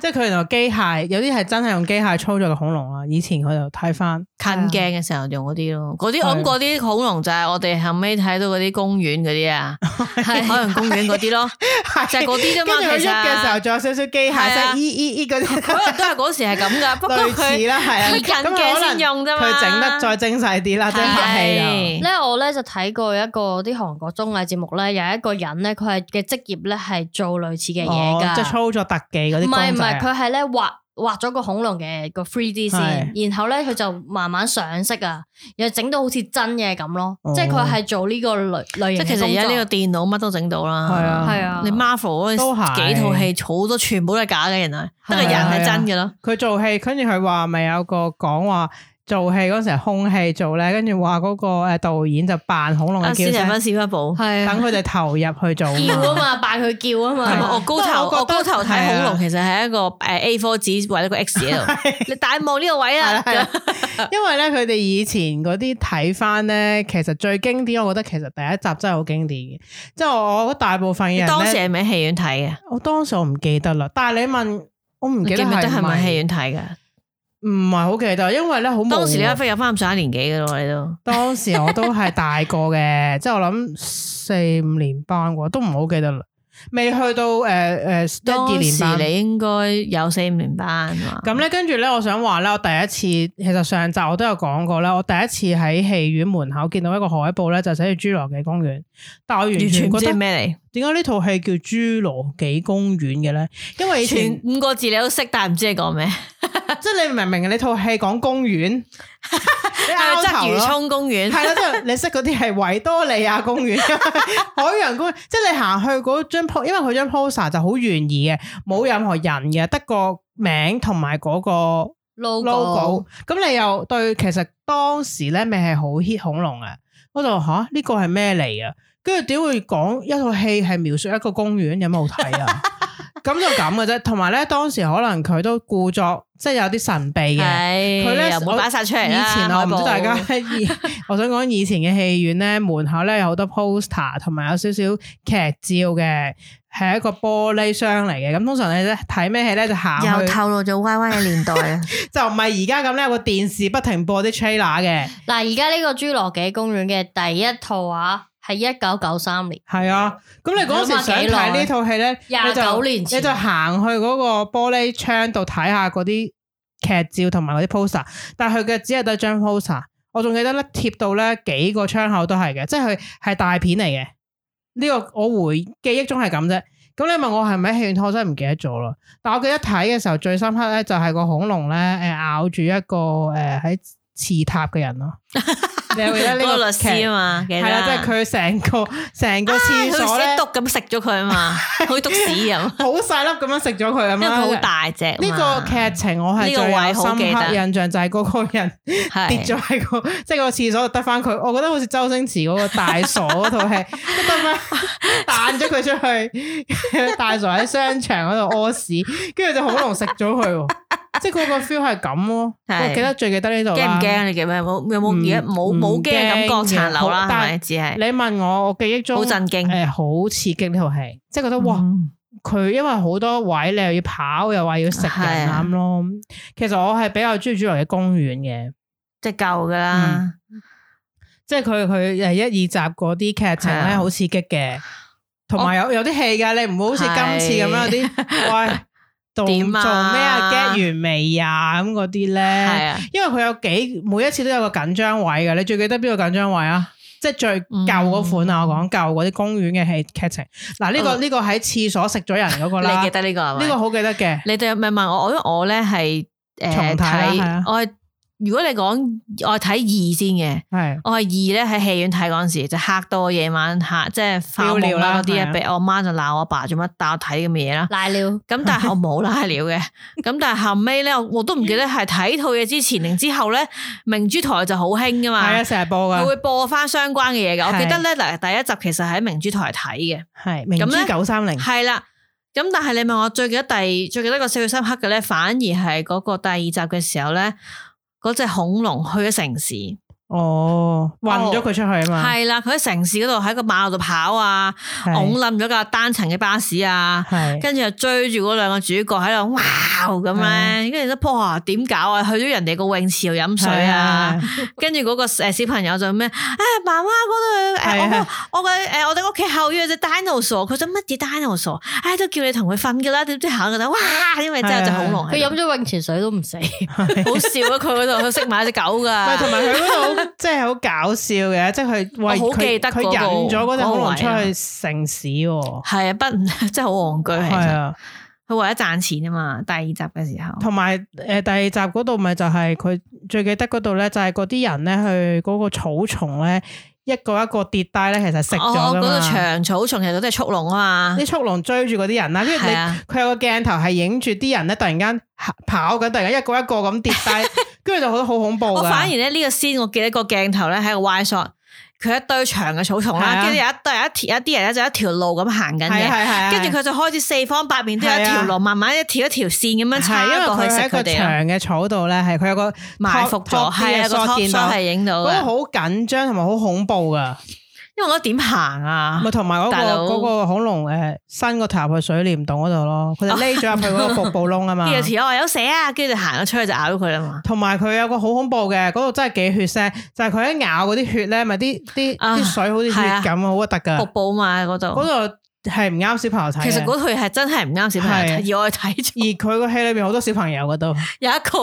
即係佢原來機械有啲係真係用機械操作嘅恐龍啦。以前佢就睇翻近鏡嘅時候用嗰啲咯，嗰啲我諗嗰啲恐龍就係我哋後尾睇到嗰啲公園嗰啲啊，係海洋公園嗰啲咯，係就嗰啲。跟住喐嘅時候，仲有少少機械聲，咦咦咦嗰啲都係嗰時係咁噶。類似啦，係啊，近鏡先用啫，佢整得再精細啲啦，即係拍戲啦。咧我咧就睇過一個啲韓國綜藝節目咧，有一個人咧，佢係嘅職業咧係做類似嘅嘢噶，即係操作特技嗰啲。唔係唔係，佢係咧畫畫咗個恐龍嘅個 3D 先，是然後咧佢就慢慢上色啊，又整到好似真嘅咁咯。即係佢係做呢個類類型。即係其實而家呢個電腦乜都整到啦，係啊，你 Marvel 嗰陣時，是幾套戲好多全部都係假嘅人啊，得個人係真嘅咯。佢做戲，跟住佢話咪有個講話。做戲嗰時候空氣做咧，跟住話嗰個誒導演就扮恐龍嘅叫聲，等佢哋投入去做 叫嘛。嘛，扮佢叫啊嘛。我高頭我我高頭睇恐龍，其實係一個誒 A4 紙或者個 XL 的你大帽呢個位啊， 因為咧佢哋以前嗰啲睇翻咧，其實最經典，我覺得其實第一集真係好經典嘅。即係我覺得大部分嘅人當時係咪喺戲院睇嘅？我當時唔記，記，記得啦，但係你問我唔記得係咪戲院睇嘅？唔係好記得，因為咧好。當時你家輝有翻上一年級嘅咯，你都。當時我都係大個嘅，即係 我諗四五年班啩，都唔好記得啦。未去到誒誒，uh, uh, 當時你應該有四五年班。咁咧，跟住咧，我想話咧，我第一次其實上集我都有講過啦，我第一次喺戲院門口見到一個海報咧，就寫住《侏羅紀公園》，但我完全唔知咩嚟。點解呢套戲叫《侏羅紀公園》嘅咧？因為以前全五個字你都識，但係唔知你講咩。 即係你明唔明啊？ 你套戲講公園，即係魚涌公園，係咯，即係你識嗰啲係維多利亞公園、海洋公園。即係你行去嗰張鋪，因為佢張 poster 就好懸疑嘅，冇任何人嘅，得個名同埋嗰個 logo。咁 Logo 你又對，其實當時咧咪係好 hit 恐龍啊？我就吓呢個係咩嚟啊？跟住點會講一套戲係描述一個公園有冇睇啊？ 咁就咁嘅啫，同埋咧，當時可能佢都故作即係有啲神秘嘅。佢咧冇擺晒出嚟。以前我唔知海報 大家， 我想講以前嘅戲院咧，門口咧有好多 poster，同埋有少少劇照嘅，係一個玻璃箱嚟嘅。咁通常你咧睇咩戲咧就行。又透露咗歪歪嘅年代啊！ 就唔係而家咁咧，個電視不停播啲 trailer 嘅。嗱，而家呢個侏羅紀公園嘅第一套啊！係一九九三年，係啊。咁你嗰時想睇呢套戲咧，你就你就行去嗰個玻璃窗度睇下嗰啲劇照同埋嗰啲 poster，但係佢嘅只係得張 poster。我仲記得咧，貼到咧幾個窗口都係嘅，即係佢係大片嚟嘅。呢個我回記憶中係咁啫。咁你問我係咪喺戲院睇，我真係唔記得咗咯。但我記得睇嘅時候最深刻咧，就係個恐龍咧，誒咬住一個誒喺。刺塔嘅人咯，嗰個律師啊嘛，係啦，即係佢成個成個廁所咧，篤咁食咗佢啊嘛，好似篤屎咁，好細粒咁樣食咗佢啊嘛，好大隻。呢個劇情我係最深刻印象就係嗰個人跌咗喺個，即係個廁所度得返佢。我覺得好似周星馳嗰個大傻嗰套戲咁咩？彈咗佢出去，大傻喺商場嗰度屙屎，跟住就好龍食咗佢。即係佢個 feel 係咁咯，我記得最記得呢度啦。驚唔驚？你記唔記得？有冇而家冇冇驚嘅感覺殘留啦？但係只係你問我，我記憶中好震驚，誒，好刺激呢套戲，即係覺得哇！佢因為好多位，你又要跑，又話要食人咁咯。其實我係比較中意侏羅紀嘅公園嘅，即係舊噶啦，即係佢佢誒一二集嗰啲劇情咧好刺激嘅，同埋有有啲戲嘅，你唔會好似今次咁樣啲。做做咩啊？get 完未啊？咁嗰啲咧，係啊、因為佢有幾每一次都有個緊張位嘅。你最記得邊個緊張位啊？即係最舊嗰款啊！嗯、我講舊嗰啲公園嘅戲劇情。嗱、啊，呢、呢個呢個喺廁所食咗人嗰、嗰個啦。 你記得呢個係咪？呢個好記得嘅。你哋係咪問我，我因為我咧係、呃、重睇我、啊。如果你講我係睇二先嘅，係是的 我係二咧喺戲院睇嗰陣時就嚇到我夜晚吓，即係發夢料啦，嗰啲啊，俾我媽就鬧我爸做乜帶我睇咁嘅嘢啦。瀨尿咁但係我冇瀨尿嘅，咁 但係後尾咧我都唔記得係睇套嘢之前定 之後咧，明珠台就好興噶嘛，係啊，成日播噶，佢會播翻相關嘅嘢嘅。的我記得咧，嗱，第一集其實喺明珠台睇嘅，係明珠九三零係啦。咁但係你問我最記得第最記得個最深刻嘅咧，反而係嗰個第二集嘅時候咧。嗰隻恐龍去咗城市。哦，運咗佢出去啊嘛，係啦，佢喺城市嗰度喺個馬路度跑啊，㧬冧咗架單層嘅巴士啊，跟住又追住嗰兩個主角喺度，哇咁咧，跟住咧，哇點搞啊？去咗人哋個泳池度飲水啊，跟住嗰個誒小朋友就咩，啊媽媽嗰度，我我嘅我哋屋企後院有隻 dinosaur，佢想乜嘢 dinosaur？唉都叫你同佢瞓噶啦，點知行嗰陣，哇因為真係隻恐龍，佢飲咗泳池水都唔死，好笑啊佢嗰度佢識買隻狗噶，同埋佢即係好搞笑嘅，即係佢，喂，好記得佢引咗嗰隻，可能出去城市。係啊，不即係好戇居。係啊，佢為咗賺錢啊嘛。第二集嘅時候，同埋誒，第二集嗰度咪就係佢最記得嗰度咧，就係嗰啲人咧去嗰個草叢咧，一個一個跌低咧，其實食咗㗎嘛。哦，嗰個長草叢其實都係速龍啊嘛，啲速龍追住嗰啲人啦。跟住佢有個鏡頭係影住啲人咧，突然間跑緊，突然間一個一個咁跌低。跟住就覺得好恐怖。我反而咧呢個先，我記得個鏡頭咧喺個 wide shot，佢一堆長嘅草叢啦，跟住是、啊、有一堆有一條一啲人咧就一條路咁行緊嘅，跟住佢就開始四方八面都有一條路，是啊、慢慢一條一條線咁樣一過去佢哋，啊、長嘅草度咧，係佢有個 top，埋伏咗喺，啊、個 top shot 係影到，好緊張同埋好恐怖噶。因為我覺得點行啊？咪同埋嗰個恐龍誒，伸個頭去水簾洞嗰度咯，佢就匿咗入去嗰個瀑布窿啊嘛。有詞我話有蛇啊，跟住就行咗出去就咬咗佢啦嘛。同埋佢有個好恐怖嘅，嗰度真係幾血腥，就係佢一咬嗰啲血咧，咪啲啲啲水好似血咁好核突噶瀑布嘛嗰度。嗰度係唔啱小朋友睇。其實嗰套嘢係真係唔啱小朋友睇，而我睇咗而佢個戲裏邊好多小朋友嘅都有一個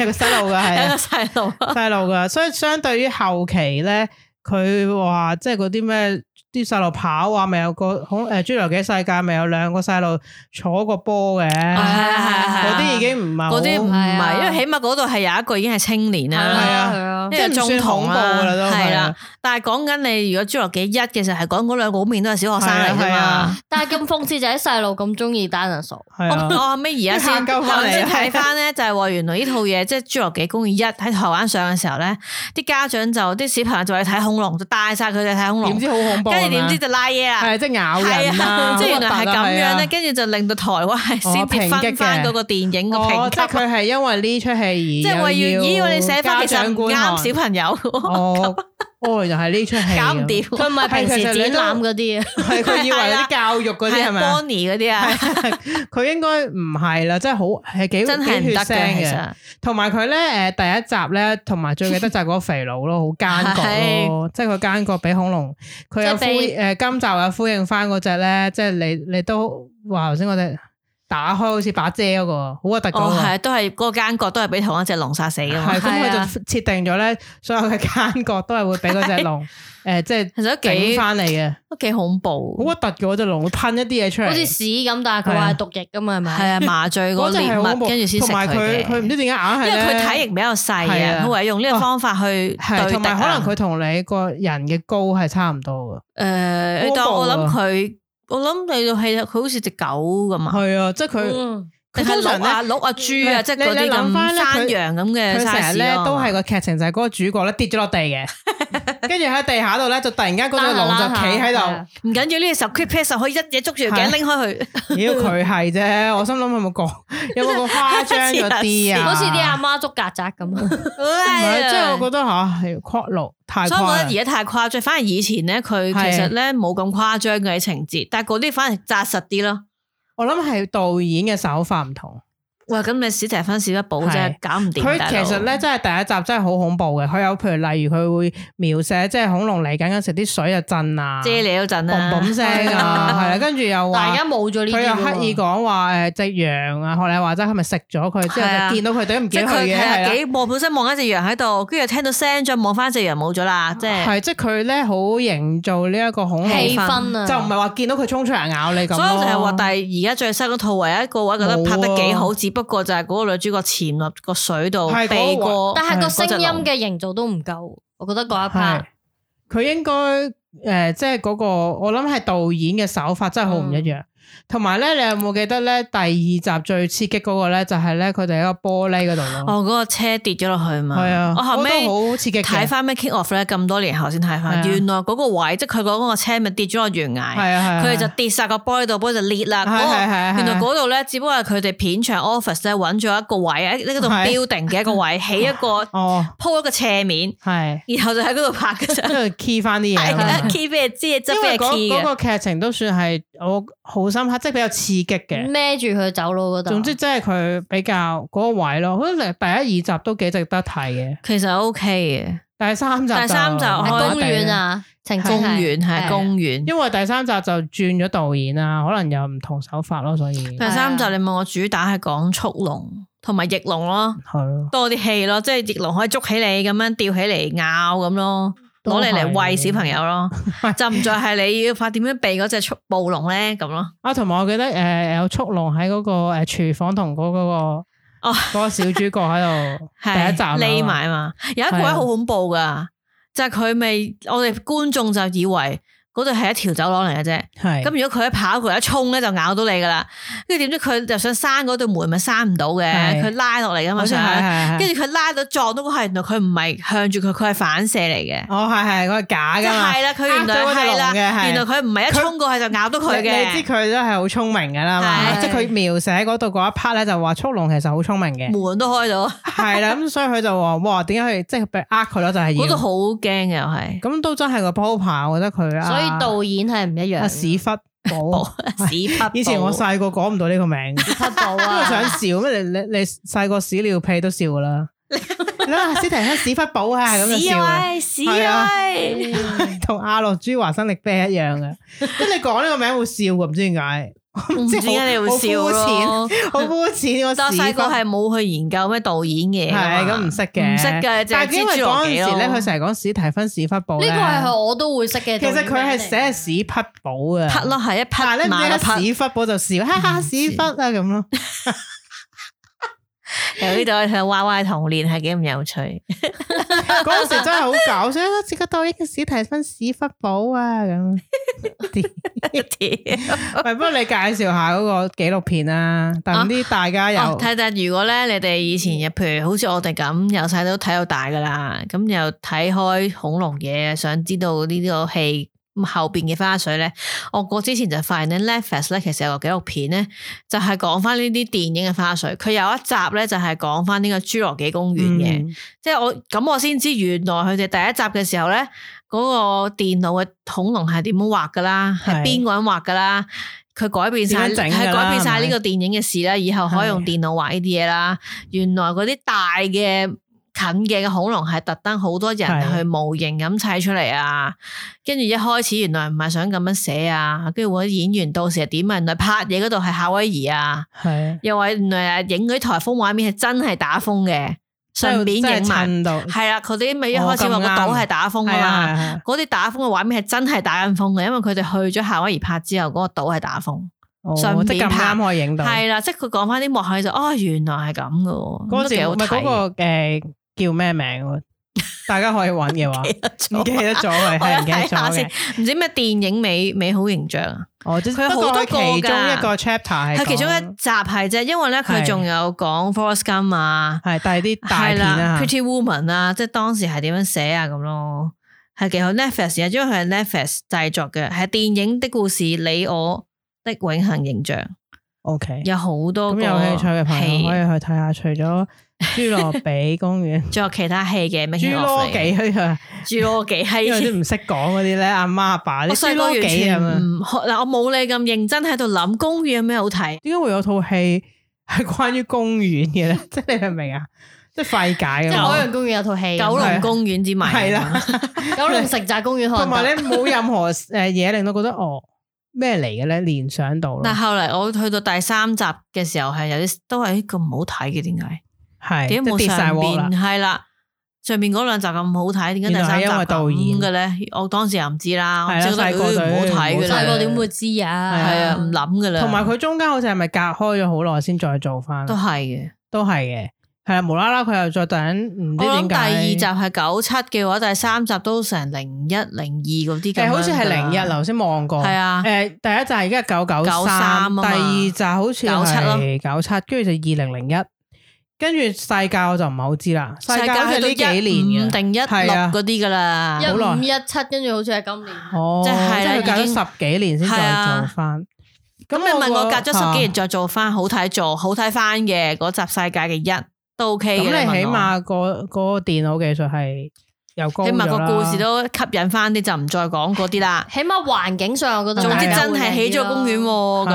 有個細路嘅係細路細路嘅，所以相對於後期咧。佢話：“即係嗰啲咩？”啲細路跑啊，咪有個恐誒侏羅紀世界咪有兩個細路坐個波嘅，係係係，嗰啲已經唔係，嗰啲唔係，因為起碼嗰度係有一個已經係青年啦，係啊，因為唔算恐怖啦都，係啦。但係講緊你如果侏羅紀一嘅時候，係講嗰兩個面都係小學生嚟噶嘛？但係咁諷刺就喺細路咁中意 dinosaur，我後尾而家先，我先睇翻咧就係話原來呢套嘢即係侏羅紀公園一喺台灣上嘅時候咧，啲家長就啲小朋友就去睇恐龍，就帶晒佢哋睇恐龍，點知好恐怖。即係點知就拉嘢啊！係即係咬嘅嘛，即係、啊、原來係咁樣咧。跟住的就令到台灣係先結婚翻嗰個電影嘅評級。即係佢係因為呢出戲而即係為原意，我哋寫翻其實唔啱小朋友。長 哦，就係呢出戲，佢唔係平時展覽嗰啲，係佢以為啲教育嗰啲係咪 Bonnie 嗰啲啊，佢應該唔係啦，即係好係幾幾血腥嘅，同埋佢咧誒第一集咧，同埋最記得就係嗰個肥佬咯，好奸角咯，即係佢奸角畀恐龍，佢又呼誒今集又呼應翻嗰隻咧，即係你你都話頭先我哋。打開好似把遮嗰個，好核突嗰個。哦，係，都係嗰個奸角都係俾同一隻龍殺死噶嘛。係，咁佢就設定咗咧，所有嘅奸角都係會俾嗰隻龍誒，即係整翻嚟嘅，都幾恐怖。好核突嘅嗰隻龍會噴一啲嘢出嚟。好似屎咁，但係佢話係毒液噶嘛，係咪？係啊，麻醉嗰啲物。跟住先食佢。同埋佢佢唔知點解硬係，因為佢體型比較細啊，佢會用呢個方法去。係同埋可能佢同你個人嘅高係差唔多噶。誒，當我諗佢。我諗你就係啊，佢好似隻狗咁啊，係啊，即係佢。 通常阿鹿阿豬啊，即係嗰啲咁山羊咁嘅。佢成日咧都係個劇情就係嗰個主角咧跌咗落地嘅，跟住喺地下度咧就突然間嗰個狼就企喺度。唔緊要，呢個時候 quick pass 可以一嘢捉住條頸拎開佢。妖佢係啫，我心諗有冇講有冇誇張咗啲啊？好似啲阿媽捉曱甴咁。唔係啊，即係我覺得吓係闊落太誇張，而家太誇張。反而以前咧，佢其實咧冇咁誇張嘅情節，但係嗰啲反而紮實啲咯。我諗係導演嘅手法唔同。哇！咁你史提芬史匹堡啫，搞唔掂？佢其實咧，真係第一集真係好恐怖嘅。佢有譬如例如，佢會描寫即係恐龍嚟緊嗰時啲水啊震啊，遮嚟嗰陣啊，嘣嘣聲啊，係啦。跟住又話，大家冇咗呢啲。佢又刻意講話誒隻羊啊，學你話齋係咪食咗佢之後？見到佢哋都唔見佢嘅。幾幕本身望一隻羊喺度，跟住聽到聲再望翻隻羊冇咗啦，即係。係即係佢咧，好營造呢一個恐氣氛啊！就唔係話見到佢衝出嚟咬你咁。所以就係話，但係而家最新嗰套唯一一個，我覺得拍得幾好，不過就係嗰個女主角潛入水的過個水度，但係個聲音嘅營造都唔夠，的我覺得嗰一 part。佢應該誒，即係嗰個我諗係導演嘅手法真係好唔一樣，嗯。同埋咧，你有冇記得咧？第二集最刺激嗰個咧，就係咧，佢哋喺個玻璃嗰度咯。哦，嗰個車跌咗落去嘛。係啊，我後尾好刺激。睇翻 making of 咧，咁多年後先睇翻，原來嗰個位，即係佢嗰個車咪跌咗個懸崖。係啊係啊。佢哋就跌晒個玻璃度，玻璃就裂啦。係係啊，原來嗰度咧，只不過係佢哋片場 office 咧，揾咗一個位喺呢度 building 嘅一個位，起一個鋪一個斜面，係，然後就喺嗰度拍噶咋。即係 key 翻啲嘢。係啊，key 咩？即係因為個劇情都算係。我好深刻，即係比較刺激嘅，孭住佢走佬嗰度。總之即係佢比較嗰個位咯，好似第一二集都幾值得睇嘅。其實 O K 嘅。第三集。第三集開定啊，情。公園係公園。的因為第三集就轉咗導演啦，可能有唔同手法咯，所以。第三集你問我主打係講速龍同埋翼龍咯，係咯的，多啲戲咯，即係翼龍可以捉起你咁樣吊起嚟咬咁咯。攞嚟嚟餵小朋友咯， 就唔再係你要發點樣避嗰隻速暴龍咧咁咯。 啊，同埋我記得誒、呃、有速龍喺嗰個誒廚、呃、房同嗰嗰個哦嗰個小主角喺度第一集匿埋啊嘛， 有一個位好恐怖噶， 是的 就係佢未，我哋觀眾就以為。嗰度係一條走廊嚟嘅啫，咁是如果佢一跑佢一衝咧就咬到你噶啦。跟住點知佢就想閂嗰對門，咪閂唔到嘅。佢拉落嚟噶嘛，跟住佢拉到撞到嗰下，原來佢唔係向住佢，佢係反射嚟嘅。哦，係係，佢係假嘅。係啦，佢原來係啦，的的原來佢唔係一衝過去就咬到佢嘅。你知佢都係好聰明噶啦是即係佢描寫嗰度嗰一 part 咧就話速龍其實好聰明嘅。門都開到，係 啦，咁所以佢就話哇，點解佢即係被呃佢咯？就係。嗰度好驚嘅，又係。咁都真係個 proper 我覺得佢啊。導演係唔一樣、啊，屎忽寶，屎忽。以前我細個講唔到呢個名，屎忽寶、啊、 因為想笑咩？你你你細個屎尿屁都笑啦。阿詩婷響屎忽寶係咁樣笑屎威屎威，同阿樂珠、華生力啤一樣嘅。即係 你講呢個名會笑嘅，唔知點解。唔知點解你會笑咯，好膚淺，但係細個係冇去研究咩導演嘅。係咁唔識嘅。唔識嘅，但係因為嗰陣時咧，佢成日講史提芬屎忽寶，呢個係我都會識嘅。其實佢係寫屎匹寶嘅，匹啦係一匹馬，屎忽寶就笑，哈哈哈，屎忽啊咁咯。 由呢度睇 Y Y 童年係幾咁有趣，嗰陣時真係好搞笑，呢個導演史提芬史匹堡啊咁，一啲一啲。唔係，不過你介紹下嗰個紀錄片啦，等啲大家有睇。但、啊啊、如果咧，你哋以前，譬如好似我哋咁，由細都睇到大噶啦，咁又睇開恐龍嘢，想知道呢個戲。咁後邊嘅花絮咧，我我之前就發現 Netflix 咧，其實有個紀錄片咧，就係講翻呢啲電影嘅花絮。佢有一集咧，就係講翻呢個侏羅紀公園嘅。即係我咁，我先知原來佢哋第一集嘅時候咧，嗰個電腦嘅恐龍係點樣畫噶啦，係邊個人畫噶啦，佢改變晒，係改變晒呢個電影嘅事啦。是以後可以用電腦畫呢啲嘢啦。原來嗰啲大嘅。近嘅個恐龍係特登好多人去模型咁砌出嚟啊，跟住一開始原來唔係想咁樣寫啊，跟住嗰啲演員到時點啊，原來拍嘢嗰度係夏威夷啊，又話原來影嗰啲颱風畫面係真係打風嘅，上面影到，係啦，佢哋咪一開始話個島係打風啊嘛，嗰啲打風嘅畫面係真係打緊風嘅，因為佢哋去咗夏威夷拍之後，嗰個島係打風，上面啱可以影到，係啦，即係佢講翻啲幕後就哦，原來係咁嘅，嗰時咪嗰個誒叫咩名？ 大家可以搵嘅話，唔記得咗係，係唔 記得咗唔知咩電影美美好形象啊？哦，不過其中一個 chapter 係，係其中一集係啫，因為咧佢仲有講 Forrest Gump 啊，係但係啲大片啊，Pretty Woman 啊，即係當時係點樣寫啊咁咯，係幾好 Netflix，因為係 Netflix 製作嘅，係電影的故事，你我的永恆形象。O K，有好多咁有興趣嘅朋友可以去睇下。除咗《侏羅比公園》，仲有其他戲嘅咩？《侏羅紀》啊，《侏羅紀》因為唔識講嗰啲咧，阿媽阿爸，你《衰羅紀》啊？唔嗱，我冇你咁認真喺度諗。公園有咩好睇？點解會有套戲係關於公園嘅咧？即係你明啊？即係費解咁即係海洋公園有套戲，《九龍公園之迷》係啦，《九龍城寨公園》同埋你冇任何誒嘢令到覺得哦。咩嚟嘅咧？聯想到。但係後嚟我去到第三集嘅時候，係有啲都係咁唔好睇嘅，點解？係點解冇上邊係啦？上面嗰兩集咁好睇，點解第三集係導演嘅咧？我當時又唔知啦，的我只係覺得唔好睇嘅啦。細個點會知啊？係啊的，唔諗嘅啦。同埋佢中間好似係咪隔開咗好耐先再做翻？都係嘅，都係嘅。係啊，無啦啦佢又再突然唔知點解。我諗第二集係九七嘅話，第三集都成零一零二嗰啲。誒，好似係零一，我頭先望過。係啊。誒，第一集而家一九九三，第二集好似係九七，跟住就二零零一。跟住世界我就唔係好知啦。世界係呢幾年一五定一六嗰啲噶啦，一五一七，跟住好似係今年。哦。即係隔咗十幾年先再做翻。咁你問我隔咗十幾年再做翻好睇做好睇翻嘅嗰集世界嘅一？到期嘅，咁你起碼個個電腦技術係又高，起碼個故事都吸引翻啲，就唔再講嗰啲啦。起碼環境上我覺得，總之真係起咗公園咁咯，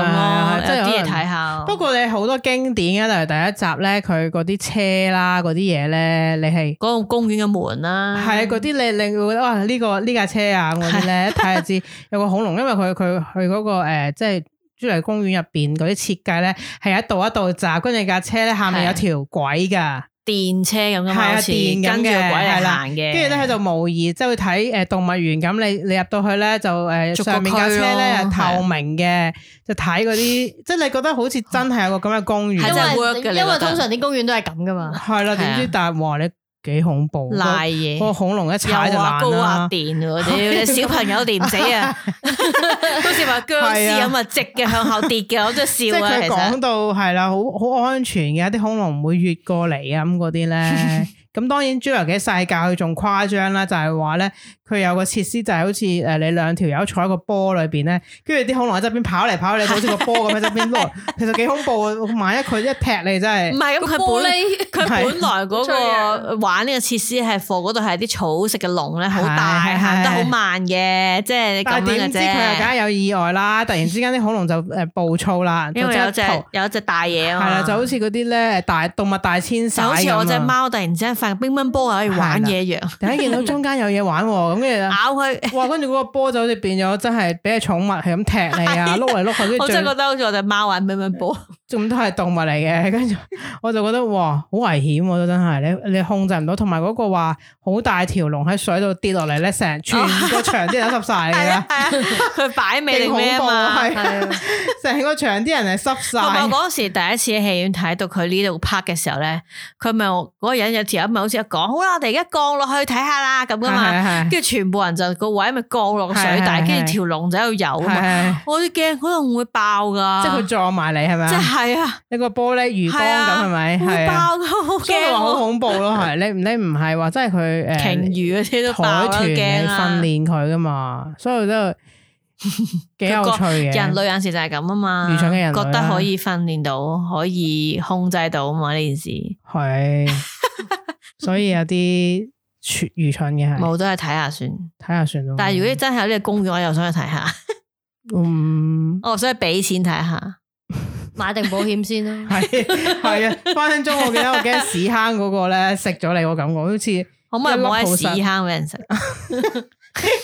有啲嘢睇下。不過你好多經典，例如第一集咧，佢嗰啲車啦，嗰啲嘢咧，你係嗰個公園嘅門啦，係啊，嗰啲你會覺得哇，呢、這個呢架、這個、車啊，我哋啲咧一睇就知有個恐龍，因為佢佢佢嗰個誒、呃，即係。侏羅公園入邊嗰啲設計咧，係一度一度閘，跟住架車咧下面有條軌噶，電車咁嘅，好似跟住軌嚟行嘅。跟住咧喺度模擬，即係睇誒動物園咁，你你入到去咧就，誒上面架車咧係透明嘅，就睇嗰啲，即係你覺得好似真係有個咁嘅公園，因為通常啲公園都係咁噶嘛。係啦，點知但係哇你～幾恐怖，賴嘢蠟，個恐龍一踩就爛、啊、高壓電的小朋友掂死啊，好似話僵屍咁啊，的直嘅向後跌嘅， 我真係笑啊。即係佢講到係啦，好好實安全嘅，啲恐龍唔會越過嚟啊咁嗰啲咧。咁 當然侏羅紀嘅世界佢仲誇張啦，就係話咧。佢有個設施就係、是、好似誒，你兩條友坐喺個波裏邊咧，跟住啲恐龍喺側邊跑嚟跑去，好似個波咁喺側邊落，其實幾恐怖啊！萬一佢一劈你真係唔係咁，佢本佢本來嗰個玩呢個設施係放嗰度係啲草食嘅龍咧，好大行得好慢嘅，即係但係點知佢又梗係有意外啦！突然之間啲恐龍就誒暴躁啦， 有，隻有一隻有一隻大嘢係啦，就好似嗰啲咧大動物大遷徙，就好似我隻貓樣突然之間發現乒乓波可以玩嘢一樣，大家見到中間有嘢玩。 咬佢它，哇！跟住嗰個波就好似變咗，真係俾隻寵物係咁踢你啊，碌嚟碌去，我真係覺得好似我隻貓玩乒乓波。能 咁都係動物嚟嘅，跟住我就覺得哇，好危險，我都真係咧，你控制唔到，同埋嗰個話好大條龍喺水度跌落嚟咧，成個場啲人都濕晒啦。佢擺尾定咩啊？嘛係啊，成個場啲人係濕晒。不過嗰時第一次喺戲院睇到佢呢度拍嘅時候咧，佢咪嗰個人有條，咪好似一講，好啦，我哋而家降落去睇下啦，咁噶嘛。跟住全部人就個位咪降落水底，跟住條龍仔又游啊嘛。我驚可能會爆噶，即係佢撞埋你係咪？即係。係啊，一個玻璃魚缸咁係咪？係啊，爆嘅，驚，好恐怖咯。係你，你唔係話真係佢誒，鯨魚啲都打啦，驚訓練佢噶嘛，所以都幾有趣嘅。人類有陣時就係咁啊嘛，愚蠢嘅人覺得可以訓練到，可以控制到嘛呢件事。係，所以有啲愚蠢嘅係冇，都係睇下算，睇下算咯。但係如果真係有呢個公園，我又想去睇下。嗯，我所以俾錢睇下。買定保險先咯，係係啊！翻返中，我記得我驚屎坑嗰個咧食咗你，我感覺好似可唔可以攞啲屎坑俾人食？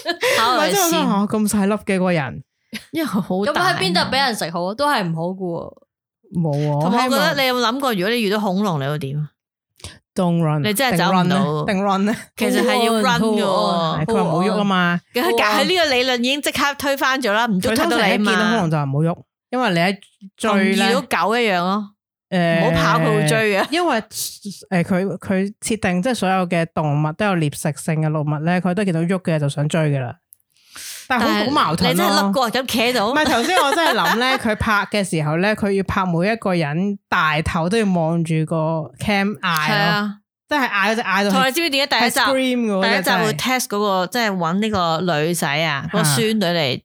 唔係真啊，咁細粒嘅個人，因為好咁喺邊度俾人食好都係唔好嘅。冇啊！我覺得你有冇諗過，如果你遇到恐龍，你會點？Don't run！你真係走唔到，定 run 咧？其實係要 run 嘅。佢話唔好喐啊嘛。佢解呢個理論已經即刻推翻咗啦，唔中意到你嘛。佢通常一見到恐龍就唔好喐。因為你喺追咧，到狗一樣咯，誒，唔好跑，佢會追嘅。因為誒，佢佢設定即係所有嘅動物都有獵食性嘅動物咧，佢都見到喐嘅就想追嘅啦。但係好矛盾咯。你真係甩過咁企喺度。唔係，頭先我真係諗咧，佢拍嘅時候咧，佢要拍每一個人大頭都要望住個 cam 嗌啊，即係嗌只嗌到。同知唔知點解第一集？第一集會 test 嗰個，即係搵呢個女仔啊，個孫女嚟。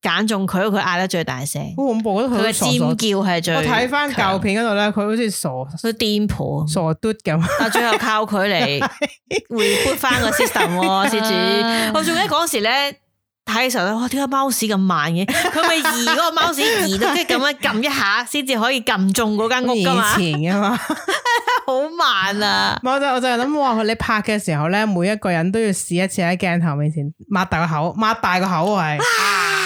揀中佢，佢嗌得最大聲，好恐怖！佢個尖叫係最。我睇翻舊片嗰度咧，佢好似傻，佢癲婆，傻嘟咁。 但最後靠佢嚟回撥翻個 system，事主。我仲記得嗰時咧。睇嘅時候咧，哇！點解貓屎咁慢嘅？佢咪移嗰、嗰個貓屎 移到，跟住咁樣撳一下，先至可以撳中嗰間屋以前噶嘛，好 慢啊！我就我就諗哇，你拍嘅時候咧，每一個人都要試一次喺鏡頭面前，擘大個口，擘大個口係、啊、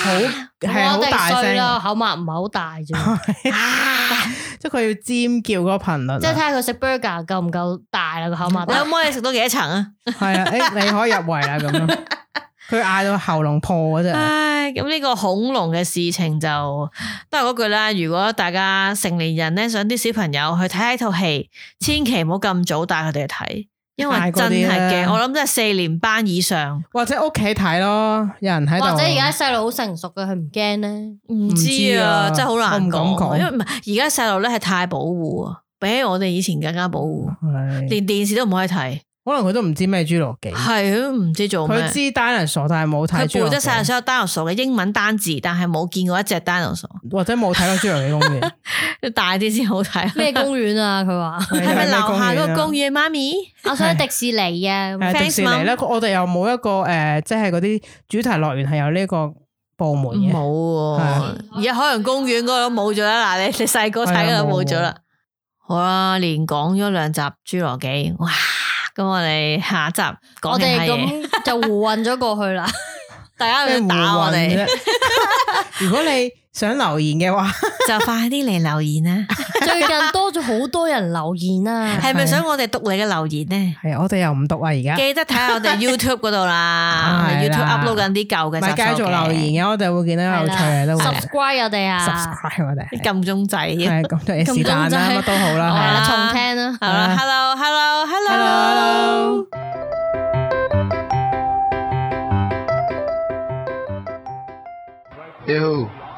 好係好大聲咯，口擘唔係好大啫。即係佢要尖叫嗰個頻率，即係睇下佢食 burger 夠唔夠大啦個口擘。你可唔可以食到幾多層啊？係啊，誒，你可以入圍啦咁樣。佢嗌到喉嚨破啊！真係。唉，咁呢個恐龍嘅事情就都係嗰句啦。如果大家成年人咧，想啲小朋友去睇呢套戲，千祈唔好咁早帶佢哋去睇，因為真係驚。我諗真係四年班以上，或者屋企睇咯，有人睇。或者而家細路好成熟嘅，佢唔驚咧？唔知啊，唔知啊真係好難講。因為唔係而家細路咧，係太保護啊，比起我哋以前更加保護，的連電視都唔可以睇。可能佢都唔知咩侏羅紀，係佢唔知做咩。佢知 dinosaur，但係冇睇。佢背咗晒所有 dinosaur 嘅英文單字，但係冇見過一隻 dinosaur，或者冇睇過侏羅紀公園。 大啲先好睇咩公園啊？佢話係咪樓下嗰個公園？媽咪， 我想迪士尼啊！迪士尼咧，Thanks, Mom. 我哋又冇一個誒，即係嗰啲主題樂園係有呢個部門嘅。冇而家海洋公園嗰度冇咗啦，你你細個睇嘅冇咗啦。好啦，連講咗兩集侏羅紀，哇！咁我哋下集一下我哋咁就胡混咗過去啦， 大家要打我哋， 如果你，想留言嘅話， 就快啲嚟留言啦，啊！最近多咗好多人留言啦，係咪想我哋讀你嘅留言呢？係啊，我哋又唔讀啊，而家記得睇下我哋 YouTube 嗰度啦，YouTube upload 緊啲舊嘅，唔係繼續留言嘅。我哋會見到有趣嘅都 subscribe 我哋啊，subscribe 我哋，啲撳鐘仔，係撳鐘，撳鐘啊，乜都好 啦，係啦重聽啦，好啦，Hello，Hello，Hello，Hello。你好。